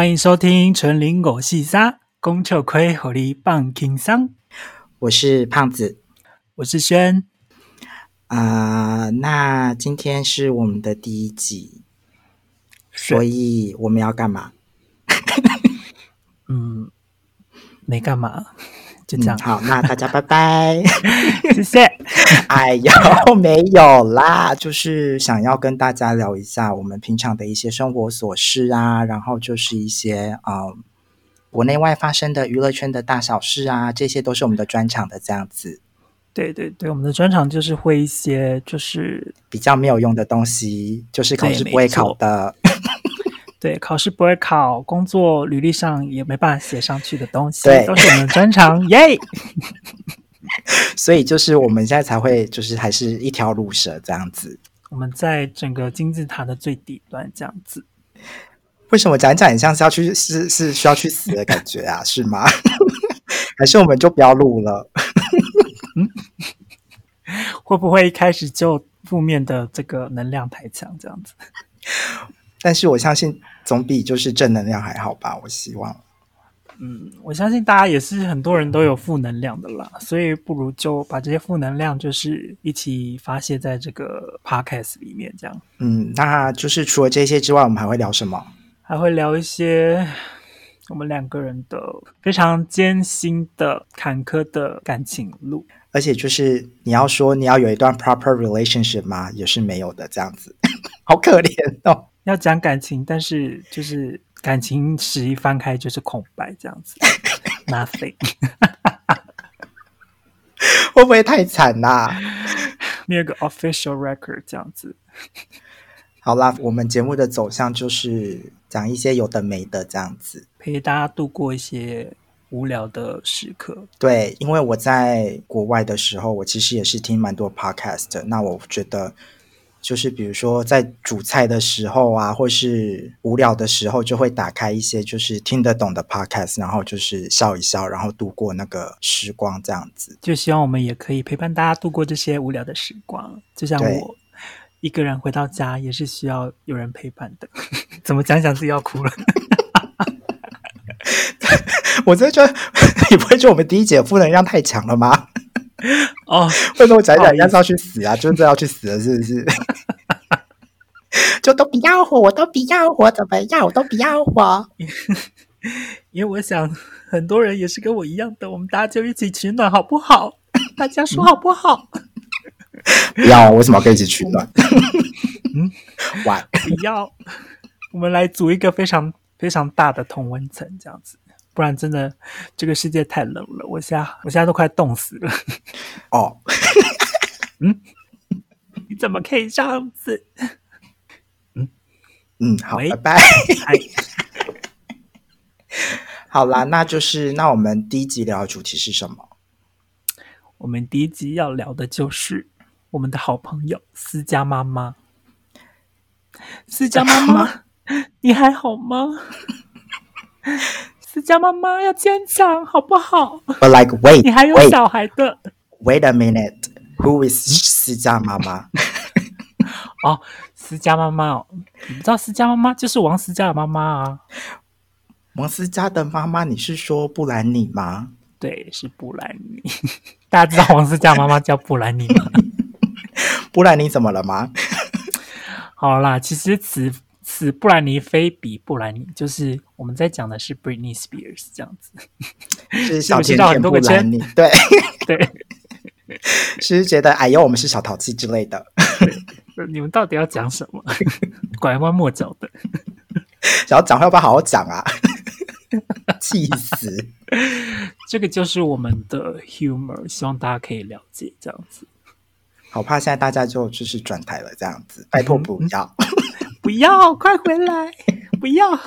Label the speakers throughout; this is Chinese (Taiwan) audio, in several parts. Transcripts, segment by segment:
Speaker 1: 歡迎收聽《春林果
Speaker 2: 細沙》，宮闕虧何力棒、青山。我是胖子，我是軒。啊、呃，那今天是我們的第一集，所以我們要幹嘛？
Speaker 1: 嗯，
Speaker 2: 沒幹嘛。就這樣嗯、好，那大家拜拜，謝謝。哎呀，沒有啦，就是想要跟大家聊一下我們平常的一些生活瑣事啊，然後就是一些啊國內外發生的娛樂圈的大小事啊，這些都是我們的專場的這樣子。對對對，我們的專場就是會一些就是比較沒有用的東西，就
Speaker 1: 是考試不會考的。對，考試不會考，工作履歷上也沒辦法寫上去的東西，對，都是我們專長耶。 yeah!
Speaker 2: 所以就是我們現在才會，就是還是一條路蛇這樣子。
Speaker 1: 我們在整個金字塔的最底端這樣子。
Speaker 2: 為什麼講一講，像是要去，是是需要去死的感覺啊？ 是嗎？ 還是我們就不要錄了？
Speaker 1: 會不會一開始就負面的這個能量太強，這樣子？
Speaker 2: 但是我相信，總比就是正能量還好吧？我希望。嗯，
Speaker 1: 我相信大家也是很多人都有負能量的啦，所以不如就把這些負能量就是一起發洩在這個 podcast 裡面這樣。
Speaker 2: 嗯，那就是除了這些之外，我們還會聊什麼？
Speaker 1: 還會聊一些我們兩個人的非常艱辛的坎坷的感情路，
Speaker 2: 而且就是你要說你要有一段 proper relationship 嗎？也是沒有的，這樣子， 好
Speaker 1: 可憐哦。要講感情，但是就是感情史一翻開就是空白，這樣子
Speaker 2: ，Nothing， 會不會太慘啦、啊？沒有個
Speaker 1: official record 這樣子。
Speaker 2: 好啦，我們節目的走向就是講一些有的沒的這樣子，
Speaker 1: 陪大家度過一些無聊的時刻。
Speaker 2: 對，因為我在國外的時候，我其實也是聽蠻多 podcast 的，那我覺得。就是比如說在煮菜的時候啊，或是無聊的時候，就會打開一些就是聽得懂的 podcast，然後就是笑一笑，然後度過那個時光，這樣子。
Speaker 1: 就希望我們也可以陪伴大家度過這些無聊的時光。就像我一個人回到家也是需要有人陪伴的。
Speaker 2: 怎麼講講自己要哭了？ 我真的覺得你不會覺得我們第一集負能量太強了嗎？ 哦，會跟我講講一樣是要去死啊！真的要去死了，是不是？ 就都不要活，我都不要活，怎麼樣？我都不要活，因
Speaker 1: 為我想很多人也是跟我一樣的，我們大家就一起取暖好不好？大家說好不好？
Speaker 2: 嗯、不要，為什麼可以一起取暖？嗯，
Speaker 1: 嗯 What? 不要，我們來組一個非常非常大的同溫層，這樣子。不然真的，這個世界太冷了，我現在我現在都快凍死了。哦， 嗯，你怎麼可以這樣子？嗯
Speaker 2: 嗯，好，拜拜。 好啦，那就是那我們第一集聊的主題是什麼？我們第一集
Speaker 1: 要聊的就是我們的好朋友思佳媽媽。思佳媽媽，你還好嗎？ 思佳媽媽要堅強，好不好
Speaker 2: ？But like wait，你還有小孩的 wait.？Wait a minute，who is 思佳媽媽？
Speaker 1: 哦，思佳媽媽哦，你不知道思佳媽媽就是王思佳的媽媽
Speaker 2: 啊？王思佳的媽媽，你是說布蘭妮嗎？對，是布蘭妮。 大家知道王思佳媽媽叫布蘭妮嗎？ 布蘭妮怎麼了嗎？ 好啦，
Speaker 1: 其實此。此布蘭妮，非彼布蘭妮，就是我們在講的是 Britney Spears 這樣子，就是小氣繞 很多個圈，對
Speaker 2: 對，只對 是覺得哎呦，我們是小淘氣之類的。
Speaker 1: 對，你們到底要講什麼？
Speaker 2: 拐彎抹角的， 想要講話，要不要好好講啊？氣 氣死！
Speaker 1: 這個就是我們的 humor，希望大家可以了解
Speaker 2: 這樣子。好怕現在大家就就是轉台了，這樣子，拜託不要。
Speaker 1: 不要快回來！不要，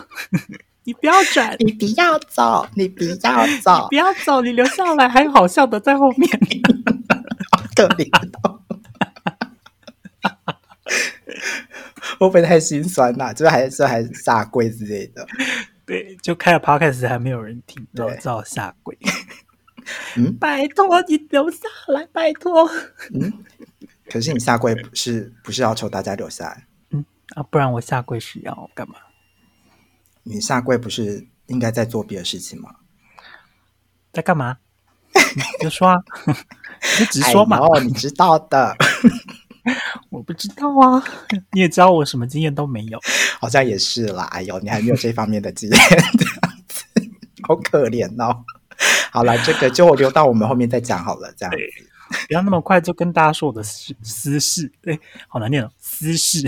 Speaker 1: 你不要轉， 你不要
Speaker 2: 走，你不要走， 不
Speaker 1: 要走，你留下來，還有好笑的在後面。
Speaker 2: 更別提， 我被太心酸了，啊，最後還是還是下跪之類的。對，就開了 Podcast 還沒有人聽，然後只好下跪。
Speaker 1: 嗯， 拜托你留下來，拜托。嗯，
Speaker 2: 可是你下跪是不是要求大家留下來？啊，不然我
Speaker 1: 下跪是要幹嘛？
Speaker 2: 你下跪不是應該在做別的事情嗎？
Speaker 1: 在幹嘛？你就說啊， 你就直說嘛。你知
Speaker 2: 道的，我不知道啊。你也知道我什麼經驗都沒有。好像也是啦。哎呦，你還沒有這方面的經驗， 好可憐哦。好了，這個就留到我們後面再講好了。這樣、哎、不要那麼快就跟大家說我的私私事。對、哎，好難念哦，私事。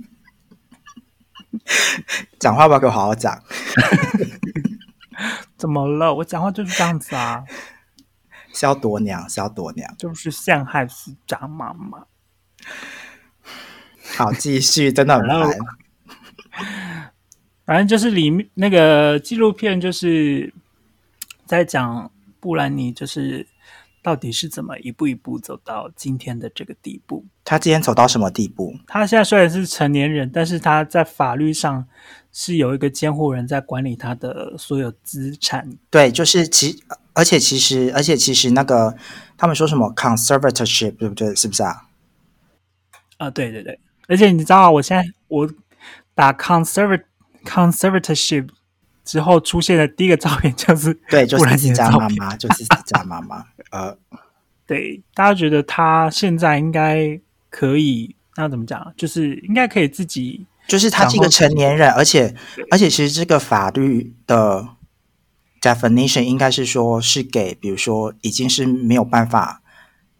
Speaker 2: 講 話不要給我好好講，
Speaker 1: 怎麼了？我講話就是這樣子啊。
Speaker 2: 肖朵娘，肖朵娘，就
Speaker 1: 是陷害思佳媽媽。
Speaker 2: 好，繼續，真的很煩。 Hello . 反
Speaker 1: 正就是裡面那個紀錄片，就是在講布蘭妮，就是。到底是怎麼一步一步走到今天的這個地步？
Speaker 2: 他今天走到什麼地步？
Speaker 1: 他現在雖然是成年人，但是他在法律上是有一個監護人在管理他的所有資產。
Speaker 2: 對，就是其，而且其實，而且其實那個他們說什麼 conservatorship，對不對？是不是啊？
Speaker 1: 啊，對對對。而且你知道，我現在我打 conservator conservatorship。之後出現的第一個照片就是對，就是思佳媽媽， 就是思
Speaker 2: 佳媽媽。呃，
Speaker 1: 對，大家覺得她現在應該可以？那怎麼講？就是應該可以自己，就是她是一個成年人，
Speaker 2: 而且而且其實這個法律的 definition 應該是說，是給比如說已經是沒有辦法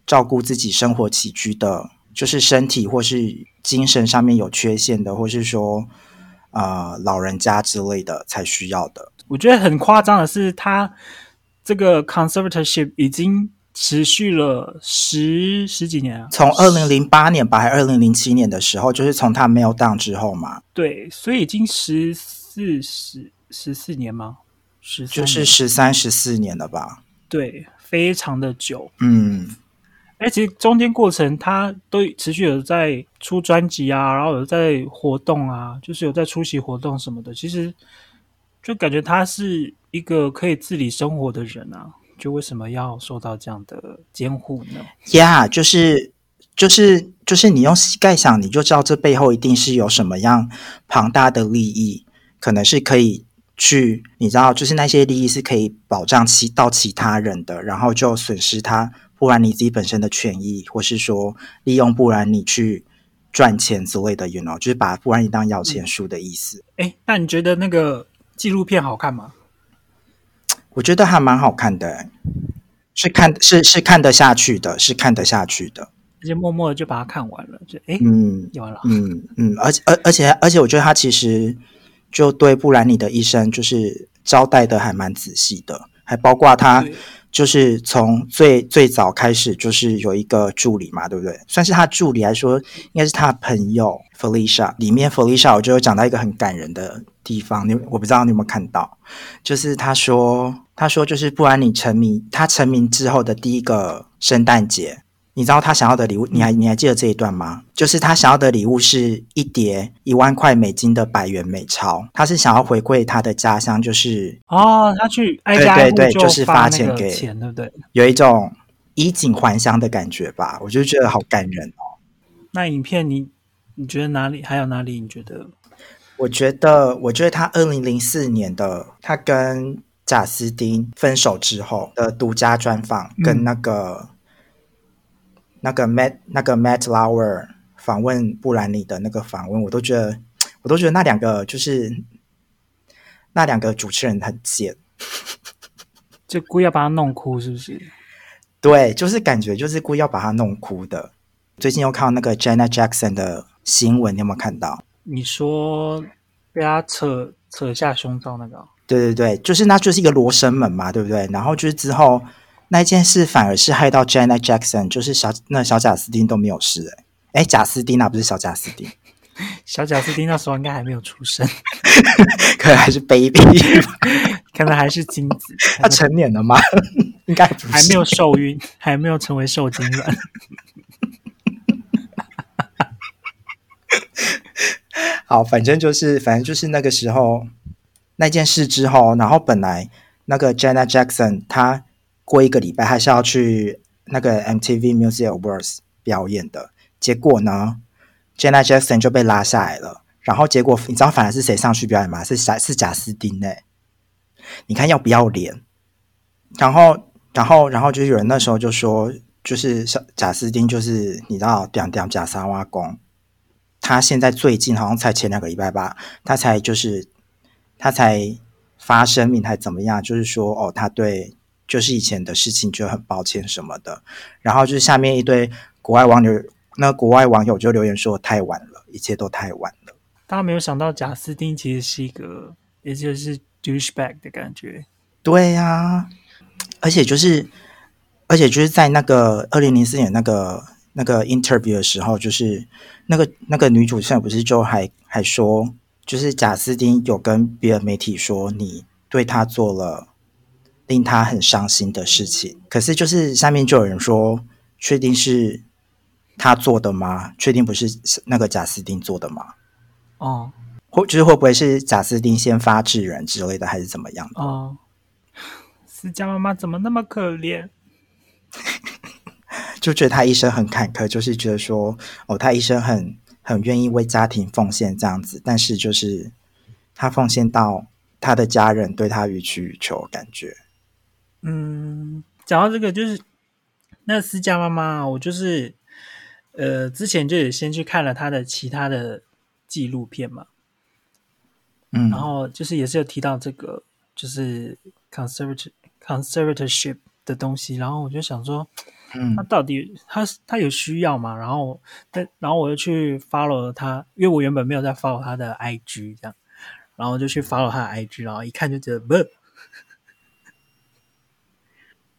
Speaker 2: 照顧自己生活起居的，就是身體或是精神上面有缺陷的，或是說。呃，老人家之類的才需要的。我覺得很誇張的是，他這個 conservatorship 已經
Speaker 1: 持續了十十幾年了。
Speaker 2: 從二零零八年吧，還是二零零七年的時候，就是從他沒有 down 之後嘛。
Speaker 1: 對，所以已經十四十十
Speaker 2: 四年嗎？十就是十三十四年了吧？
Speaker 1: 對，非常的久。嗯。哎、欸，其實中間過程他都持續有在出專輯啊，然後有在活動啊，就是有在出席活動什麼的。其實就感覺他是一個可以自理生活的人啊，就為什麼要受到這樣的監護呢？呀、
Speaker 2: Yeah, 就是，就是就是就是你用膝蓋想，你就知道這背後一定是有什麼樣龐大的利益，可能是可以去，你知道，就是那些利益是可以保障其到其他人的，然後就損失他。不然你自己本身的權益，或是說利用不然你去賺錢之類的，喏 you know,，就是把不然你當搖錢樹的意思、嗯。
Speaker 1: 誒，那你覺得那個紀錄片好
Speaker 2: 看嗎？我覺得還蠻好看的，是看是是看得下去的，是看得下去的，
Speaker 1: 而且默默的就把它看完了，就哎，嗯，有了，嗯嗯，而
Speaker 2: 且而而且而且，而且我覺得他其實就對不然你的醫生就是招待的還蠻仔細的。還包括他，就是從最最早開始就是有一個助理嘛，對不對？算是他助理來說，應該是他朋友 Felicia。裡面 Felicia，我就有講到一個很感人的地方，你，我不知道你有沒有看到，就是他說，他說就是不然你成名，他成名之後的第一個聖誕節。你知道他想要的禮物？你還你還記得這一段嗎？就是他想要的禮物是一疊一萬塊美金的百元美鈔。他是想要回饋他的家鄉，就是
Speaker 1: 哦，他去挨家戶對對對就,就是發錢給、那個、錢，對
Speaker 2: 不對？有一種衣錦還鄉的感覺吧。我就覺得好感人哦。那影片你你覺得哪裡還有哪裡？你覺得？我覺得，我覺得他二零零四年的他跟賈斯汀分手之後的獨家專訪，跟那個。嗯那個 Matt、那個 Matt Lauer 訪問布蘭妮的那個訪問，我都覺得，我都覺得那兩個就是那兩個主持人很賤，
Speaker 1: 就故意要把他弄哭，是不是？
Speaker 2: 對，就是感覺就是故意要把他弄哭的。最近又看到那個 Janet Jackson 的新聞，你有沒有看到？
Speaker 1: 你說被他扯扯下胸罩那個？
Speaker 2: 對對對，就是那就是一個羅生門嘛，對不對？然後就是之後。嗯那件事反而是害到 Janet Jackson，就是小那小賈斯汀都沒有事哎、欸、哎，賈、欸、斯汀，那不是小賈斯汀，
Speaker 1: 小賈斯汀那時候應該還沒有出生， 可能還是 baby， 可能還是精子，他成年了嗎？應 該還沒有受孕，還沒有成為受精卵。
Speaker 2: 好，反正就是反正就是那個時候那件事之後，然後本來那個 Janet Jackson 他。過一個禮拜，他是要去那個 MTV Music Awards 表演的。結果呢，Janet Jackson 就被拉下來了。然後結果，你知道反而是誰上去表演嗎？是賈是賈斯汀哎！你看要不要臉？然後，然後，然後就是有人那時候就說，就是賈斯汀，就是你知道，講講賈沙瓦工，他現在最近好像才前兩個禮拜吧，他才就是他才發聲明，還怎麼樣？就是說哦，他對。就是以前的事情，就很抱歉什麼的。然後就是下面一堆國外網友，那國外網友就留言說：“太晚了，一切都太晚
Speaker 1: 了。”大家沒有想到，賈斯汀其實是一個，也就是 douchebag 的感覺。
Speaker 2: 對呀、啊，而且就是，而且就是在那個二零零四年那個那個 interview 的時候，就是那個那個女主持人不是就還還說，就是賈斯汀有跟別的媒體說，你對她做了。令他很傷心的事情，可是就是下面就有人說，確定是他做的嗎？確定不是那個賈斯汀做的嗎？哦，或就是會不會是賈斯汀先發制人之類的，還是怎麼樣的？
Speaker 1: 哦，思佳媽媽怎麼那麼可憐？
Speaker 2: 就覺得他一生很坎坷，就是覺得說，哦，他一生很很願意為家庭奉獻這樣子，但是就是他奉獻到他的家人對他予取予求，感覺。
Speaker 1: 嗯，講到這個，就是那思佳媽媽，我就是呃之前就有先去看了她的其他的紀錄片嘛，嗯，然後就是也是有提到這個就是 conservative conservatorship 的東西，然後我就想說，嗯，她到底她她有需要嗎？然後但然後我又去 follow 了她，因為我原本沒有在 follow 她的 IG 這樣，然後就去 follow 她的 IG，然後一看就覺得不。嗯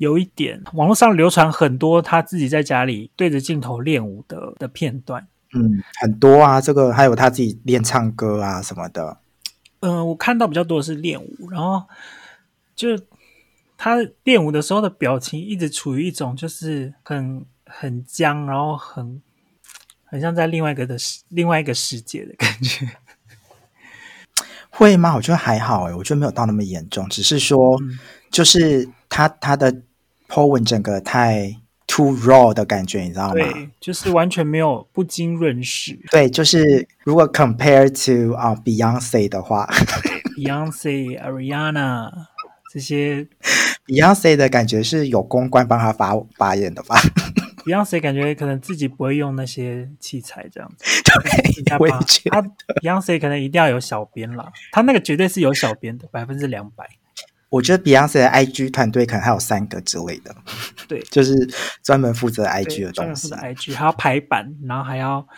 Speaker 1: 有一點，網絡上流傳很多他自己在家裡對着鏡頭練舞的的片段，
Speaker 2: 嗯，很多啊。這個還有他自己練唱歌啊什麼的。
Speaker 1: 嗯、呃，我看到比較多的是練舞，然後就他練舞的時候的表情一直處於一種就是很很僵，然後很，很像在另外一個的另外一個世界的感覺。
Speaker 2: 會嗎？我覺得還好誒、欸，我覺得沒有到那麼嚴重，只是說、嗯、就是他他的。po 文整個太 too raw 的感覺，你知道嗎？對，
Speaker 1: 就是完全沒有不經潤飾。
Speaker 2: 對，就是如果 compare to 啊、uh, Beyonce 的話
Speaker 1: ，Beyonce Ariana 這些
Speaker 2: Beyonce 的感覺是有公關幫他發發言的吧
Speaker 1: ？Beyonce 感覺可能自己不會用那些器材這樣子，對，這樣交給人家。他 Beyonce 可能一定要有小編了，他那個絕對是有小編的，百分之兩百。
Speaker 2: 我覺得 Beyonce 的 IG 團隊可能還有三個之類的，對，就是專門負責 IG 的東西。
Speaker 1: 對，負責 IG，他要排版，然後還要，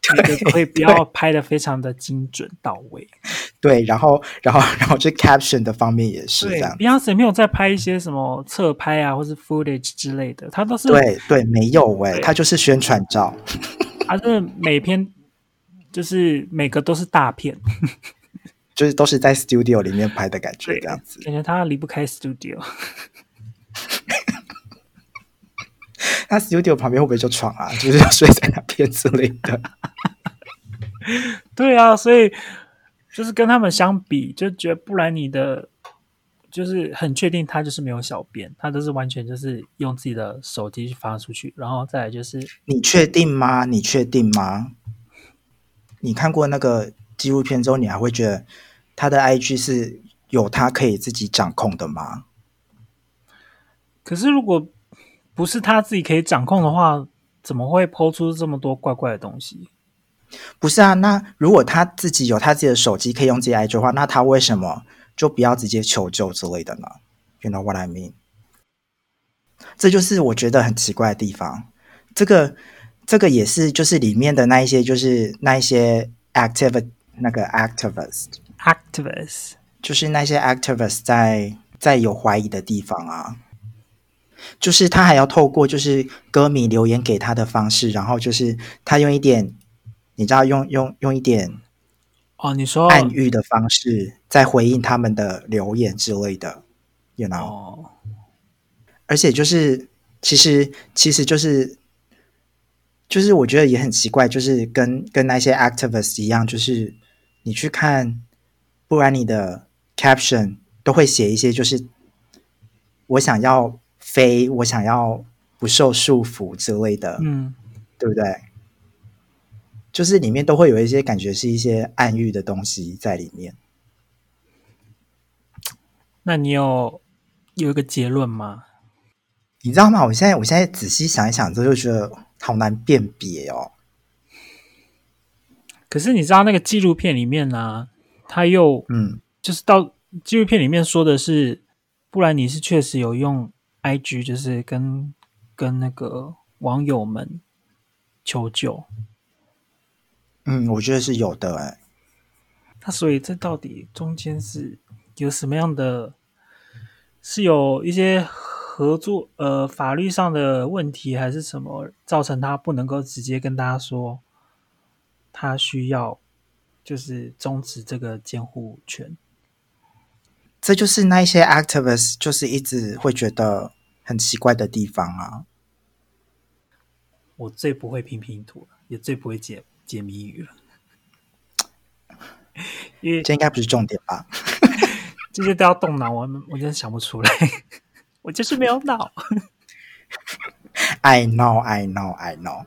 Speaker 1: 就是可以比拍得非常的精準到位對對。
Speaker 2: 對，然後，然後，然後這 caption 的方面也是這樣。
Speaker 1: Beyonce 沒有在拍一些什麼側拍啊，或是 footage 之類的，他都是對
Speaker 2: 對，沒有哎、欸，他就是宣傳照，他、
Speaker 1: 啊就是每篇，就是每個都是大片。
Speaker 2: 就是都是在 studio 裡面拍的感覺，這樣子，感覺他離不開 studio。那 studio 旁邊會不會就床啊？就是要睡在那邊之類的？
Speaker 1: 對啊，所以就是跟他們相比，就覺得不然你的就是很確定，他就是沒有小編，他都是完全就是用自己的手機去發出去，然後再來就是
Speaker 2: 你確定嗎？你確定嗎？你看過那個紀錄片之後，你還會覺得？他的 IG 是有他可以自己掌控的嗎？
Speaker 1: 可是，如果不是他自己可以掌控的話，怎麼會 po 出這麼多怪怪的東西？
Speaker 2: 不是啊，那如果他自己有他自己的手機，可以用自己 IG 的話，那他為什麼就不要直接求救之類的呢？You know what I mean？這就是我覺得很奇怪的地方。這個，這個也是，就是裡面的那一些，就是那一些 activist，那個 activist。activists 就是那些 activists 在在有懷疑的地方啊，就是他還要透過就是歌迷留言給他的方式，然後就是他用一點你知道用用用一點哦，你說暗喻的方式在回應他們的留言之類的 you know? Oh。而且就是其實其實就是就是我覺得也很奇怪，就是跟跟那些 activists 一樣，就是你去看。不然你的 caption 都會寫一些，就是我想要飛，我想要不受束縛之類的，嗯，對不對？就是裡面都會有一些感覺是一些暗喻的東西在裡面。
Speaker 1: 那你有有一個結論嗎？
Speaker 2: 你知道嗎？我現在我現在仔細想一想之後就覺得好難辨別哦。
Speaker 1: 可是你知道那個紀錄片裡面呢？他又嗯，就是到紀錄片裡面說的是，布蘭尼是確實有用 IG，就是跟跟那個網友們求救。
Speaker 2: 嗯，我覺得是有的哎、欸。
Speaker 1: 那所以這到底中間是有什麼樣的？是有一些合作呃法律上的問題，還是什麼造成他不能夠直接跟大家說他需要？就是終止這個監護
Speaker 2: 權，這就是那一些 activists 就是一直會覺得很奇怪的地方啊。
Speaker 1: 我最不會拼拼圖，也最不會解解謎語了。
Speaker 2: 這應該不是重點吧？
Speaker 1: 這些都要動腦，我我真的想不出來，我就是沒有腦
Speaker 2: I know, I know, I know.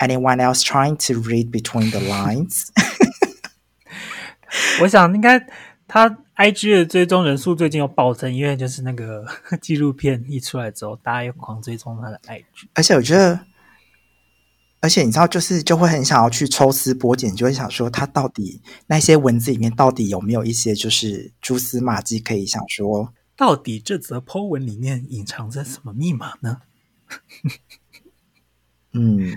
Speaker 2: Anyone else trying to read between the lines？ 我想應該他 IG 的追蹤人
Speaker 1: 數最近又暴增，因為就是那個紀錄片一出來之後，大家又狂追蹤他的
Speaker 2: IG。而且我覺得，而且你知道，就是就會很想要去抽絲剝繭，就會想說，他到底那些文字裡面到底有沒有一些就是蛛絲馬跡，可以想說，
Speaker 1: 到底這則 po 文裡面隱藏着什麼密碼呢？ 嗯。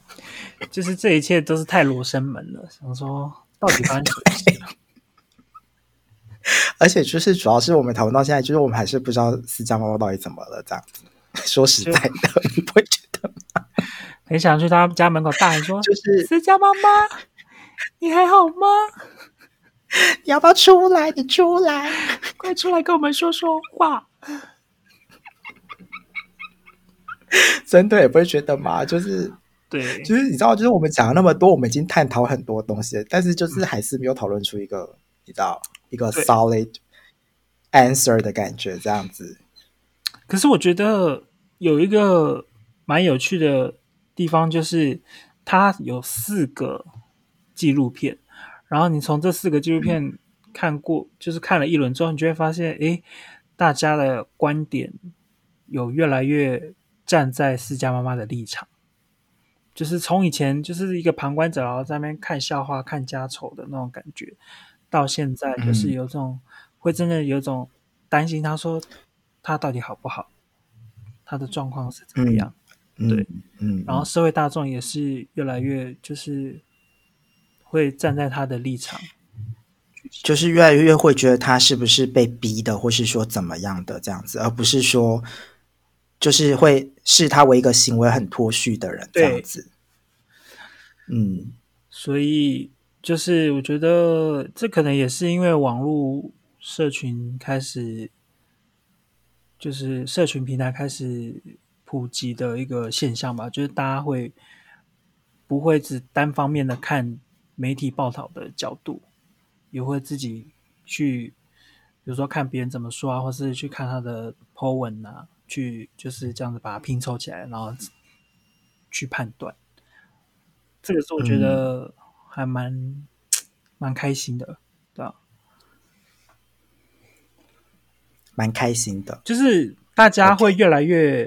Speaker 1: 就是這一切都是太羅生門了，想說到底發生什麼啊？
Speaker 2: 而且就是主要是我們討論到現在，就是我們還是不知道思佳媽媽到底怎麼了，這樣子。說實在的，你不會覺得嗎？很想去他們家門口大喊說：“就是思佳媽媽，
Speaker 1: 你還好嗎？
Speaker 2: 你要不要出來？你出來， 快出來跟我們說說話。 ”真的也不會覺得嗎？就是。對，就是你知道，就是我們講了那麼多，我們已經探討很多東西了，但是就是還是沒有討論出一個、嗯、你知道一個 solid answer 的感覺，這樣子。
Speaker 1: 可是我覺得有一個蠻有趣的地方，就是它有四個紀錄片，然後你從這四個紀錄片看過、嗯，就是看了一輪之後，你就會發現，誒，大家的觀點有越來越站在思佳媽媽的立場。就是從以前就是一個旁觀者，然後在那邊看笑話、看家醜的那種感覺，到現在就是有種會真的有種擔心，他說他到底好不好，他的狀況是怎麼樣？嗯、對嗯，嗯。然後社會大眾也是越來越就是會站在他的立場，
Speaker 2: 就是越來越會覺得他是不是被逼的，或是說怎麼樣的這樣子，而不是說就是會視他為一個行為很脫序的人這樣
Speaker 1: 子。嗯，所以就是我覺得這可能也是因為網絡社群開始，就是社群平台開始普及的一個現象吧。就是大家會不會只單方面的看媒體報道的角度，也會自己去，比如說看別人怎麼說啊，或是去看他的 Po 文啊，去就是這樣子把它拼湊起來，然後去判斷。這個時候，我覺得還蠻、嗯、蠻開心
Speaker 2: 的，對吧？蠻開心的，就是大家會越來越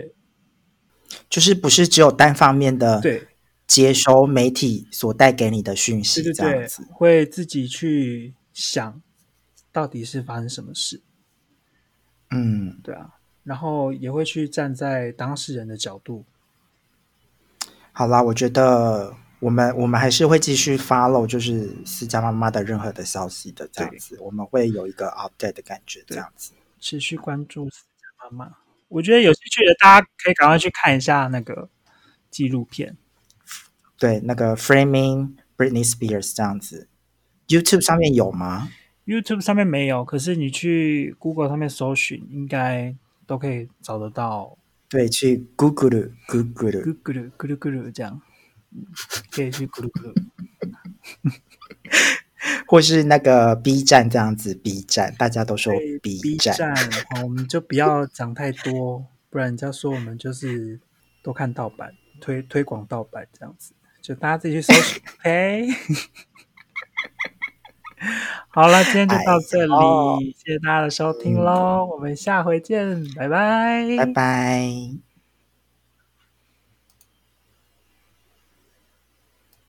Speaker 2: ，okay. 就是不是只有單方面的對接收媒體所帶給你的訊息，對對，對，對，
Speaker 1: 會自己去想到底是發生什麼事，
Speaker 2: 嗯，
Speaker 1: 對啊，然後也會去站在當事人的角度。
Speaker 2: 好啦，我覺得。我們我們還是會繼續 follow，就是思佳媽媽的任何的消息的這樣子，我們會有一個 update 的感覺這樣子。持續關注思佳
Speaker 1: 媽媽，我覺得有興趣的大家可以趕快去看一下那個紀錄片。
Speaker 2: 對，那個《Framing Britney Spears》這樣子，YouTube 上面有嗎
Speaker 1: ？YouTube 上面沒有，可是你去 Google 上面搜尋，應該都可以找得到。
Speaker 2: 對，去 Google，Google，Google，Google，Google，Google，Google，Google，Google
Speaker 1: 這樣。可以去咕嚕咕嚕，
Speaker 2: 或是那個 B 站這樣子。B 站大家都說 B 站，B 站
Speaker 1: 我們就不要講太多，不然人家說我們就是多看盜版，推推廣盜版這樣子。就大家自己去搜索。 OK， 好了，今天就到這裡，I、謝謝大家的收聽嘍、嗯，我們下回見，
Speaker 2: 拜拜，拜拜。